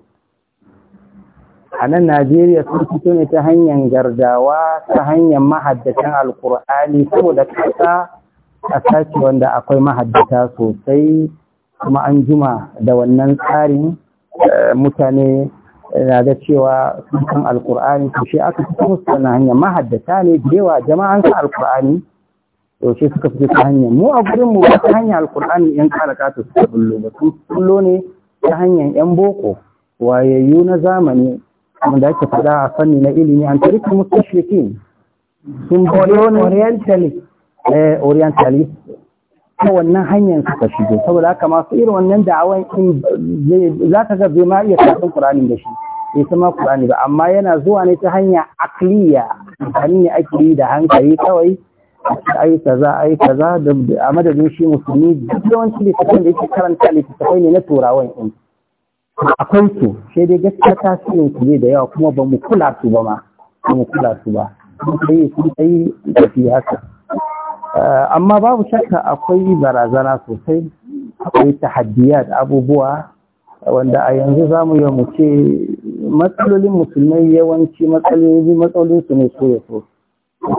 a nan najeriya sun fito ne ta hanyar gardawa ta hanyar mahaddatan alkur'ani saboda ƙasa ƙasa ce wanda akwai mahaddata sosai kuma an juma da wannan tsarin eh, mutane na ga cewa sun kan alkur'ani to shi aka fi kusa wannan hanya mahaddata ne da yawa jama'an sa alkur'ani to shi suka fito ta hanya mu a gurin mu ba ta hanya alkur'ani yan karaka su suka bullo ba sun bullo ne ta hanyar yan boko wayayyu na zamani wanda ake faɗa a fanni na ilimi an tarihi mustashrikin sun orientalist eh, ta wannan hanyar ka shigo saboda haka masu irin wannan da'awan in za ka ga bai ma iya kasan Qur'anin da shi bai sama Qur'ani ba amma yana zuwa ne ta hanya akliya amfani ne ake yi da hankali kawai ai kaza ai kaza a madadin shi musulmi duk yawanci littattafan da yake karanta littattafai ne na turawan in akwai su sai dai gaskiya tasirin su ne da yawa kuma ba mu kula su ba ma ba mu kula su ba sun haka Eh, amma babu shakka akwai barazana sosai akwai tahaddiyat abubuwa wanda a yanzu za mu mu ce matsalolin musulmai yawanci matsaloli matsalolin su ne so ya so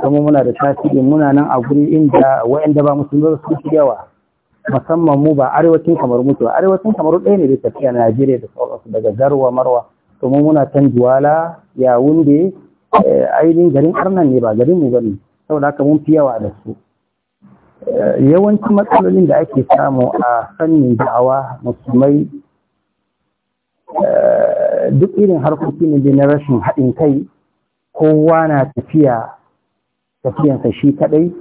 kuma muna da tasiri muna nan a guri inda wa'anda ba musulmai su fi yawa musamman mu ba arewacin kamar mutu arewacin kamar ɗaya ne da tafiya Najeriya da sauransu daga Garwa Marwa kuma muna can Duwala wunde eh, ainihin garin Arnan ne ba garin mu bane saboda haka mun fi yawa da su yawancin matsalolin da ake samu a fannin da'awa musulmai eh, duk irin harkokin ne na rashin haɗin kai kowa na tafiya tafiyansa shi kaɗai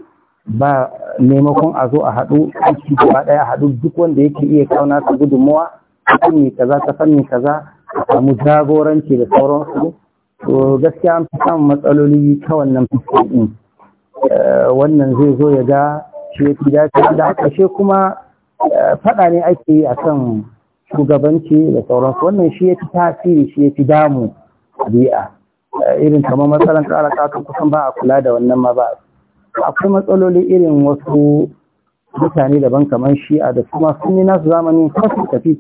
ba maimakon a zo a haɗu aiki gaba ɗaya a haɗu duk wanda yake iya kauna ta gudunmuwa ta fanni kaza ta fanni kaza a samu jagoranci da sauransu to gaskiya an fi samun matsaloli ta wannan fuskoki eh, wannan zai zo ya ga shi ya fi da ƙashe kuma eh, faɗa ne ake yi a kan shugabanci da sauransu wannan shi ya fi tasiri shi ya fi damu ɗabi'a eh, irin kamar matsalan ƙara ƙasa kusan ba a kula da wannan ma ba akwai matsaloli irin wasu mutane daban kamar shi'a da kuma sun yi nasu zamanin kwasu tafi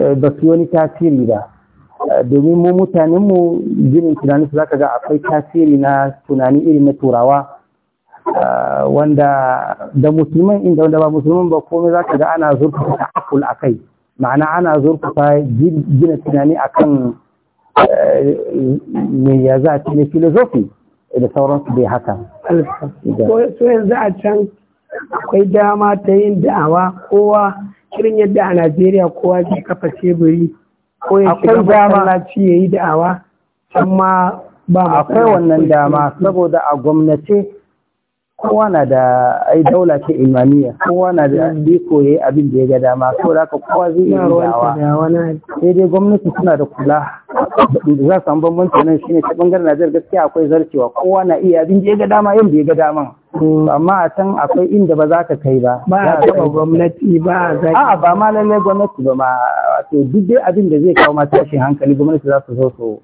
eh, ba su wani tasiri ba domin mu mutanenmu ginin tunanin su ka ga akwai tasiri na tunani irin na turawa Ah, wanda da musulman inda wanda ba musulman ba komai za ka ga ana zurfafa akul a kai ma'ana ana zurfafa gina tunani a kan eh, mai ya za a ne filozofi da sauransu bai haka. So yanzu a can akwai dama ta yin da'awa kowa kirin yadda a Najeriya kowa ke kafa teburi ko ya shiga masallaci ya yi da'awa can ma ba akwai wannan dama saboda a gwamnati kowa na da ai daula ce imaniya kowa na da bi hmm. koye abin da ya ga dama ko da ka kowa zai yi rawa. sai dai gwamnati suna da kula da za su bambanci nan shine ta bangaren Najeriya gaskiya akwai zarcewa kowa na iya abin da ya ga dama yanda ya ga dama hmm. amma a can akwai inda ba za ka kai ba ba a taba gwamnati ba za a ba ma lallai gwamnati ba ma to duk dai abin da zai kawo ma tashin hankali gwamnati za su zo su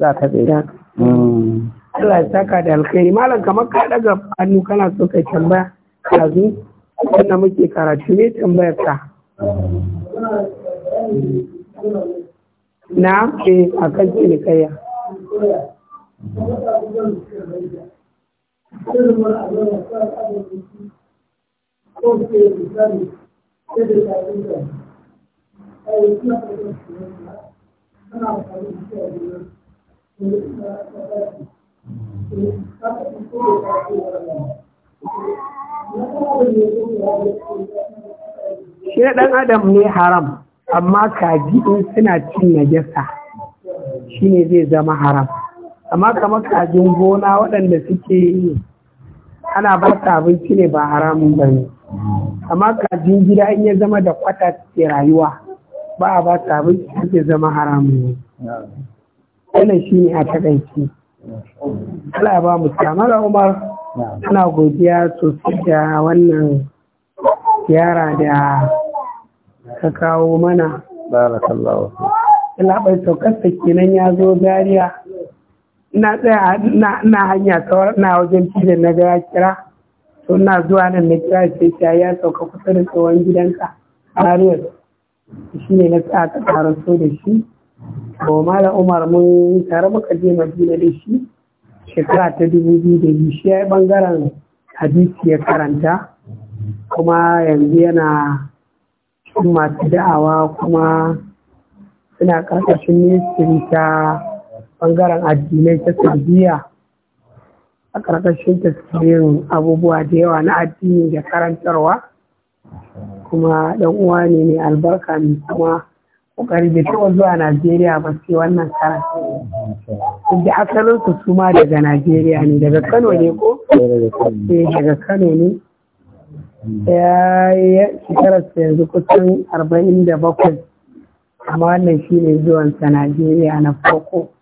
za ka tsaye hmm. Allah ya saka da alkhairi malam kamar ka daga hannu kana so kai tambaya kazu wanda muke karatu ne tambayar ka na ke eh, a kan cinikayya Thank you. Shi ɗan adam ne haram, amma kaji in suna cin najasa shi ne zai zama haram. Amma kamar kajin gona waɗanda suke ana ba ta abinci ne ba haramun ba ne. Amma kajin gida in ya zama da kwata ke rayuwa ba a ba ta abinci zama haramun ne. wannan shi ne a takaici Allah ba mu samara umar ana godiya sosai da wannan yara da ka kawo mana barakallahu ina bai saukarsa kenan ya zo Zariya. ina tsaya na hanya na wajen filin na ga kira to na zuwa nan na kira ce ta ya sauka kusa da tsohon gidanka Marius shi ne na tsaya ta da shi ko da umar mun tare muka je madina da shi shekara ta dubu biyu da biyu shi ya yi ɓangaren hadisi ya karanta kuma yanzu yana cikin masu da'awa kuma suna ƙarƙashin ministiri ta ɓangaren addinai ta sardiya, a ƙarƙashin tasirin abubuwa da yawa na addini da karantarwa kuma ɗan uwa ne mai albarka ne kuma kokari bai taɓa zuwa Najeriya ba sai wannan kara Duk da asalin su daga Najeriya ne daga Kano ne ko? Eh daga Kano ne. Ya yi shekarar yanzu kusan arba'in da bakwai amma wannan shi ne zuwansa Najeriya na farko.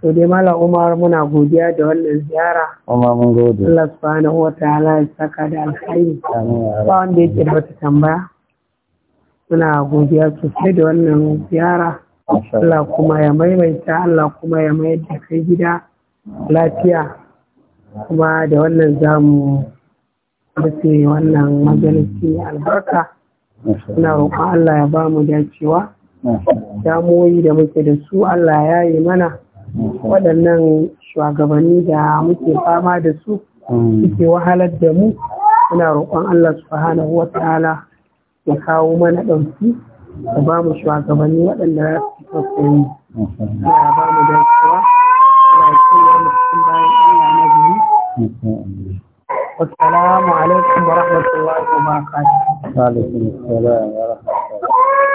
To dai Mala Umar muna godiya da wannan ziyara. Umar mun gode. Allah subhanahu wa ta'ala ya saka da alkhairi. Ba wanda yake da wata tambaya. Muna godiya sosai da wannan ziyara. Allah kuma ya maimaita, Allah kuma ya mayar da kai gida lafiya. Kuma da wannan zamu rufe wannan majalisi albarka. suna roƙon Allah ya ba mu dacewa. damoyi da muke da su Allah ya yi mana. Waɗannan shugabanni da muke fama da su mm. suke wahalar da mu. suna roƙon Allah subhanahu wa ta'ala. ya kawo mana ɗauki da ba mu shugabanni waɗanda za su tsaye ya ba mu da kuwa da kiyaye mu cikin bayan Allah na gari Assalamu alaikum wa rahmatullahi wa barakatuh. Wa alaikum assalam wa rahmatullahi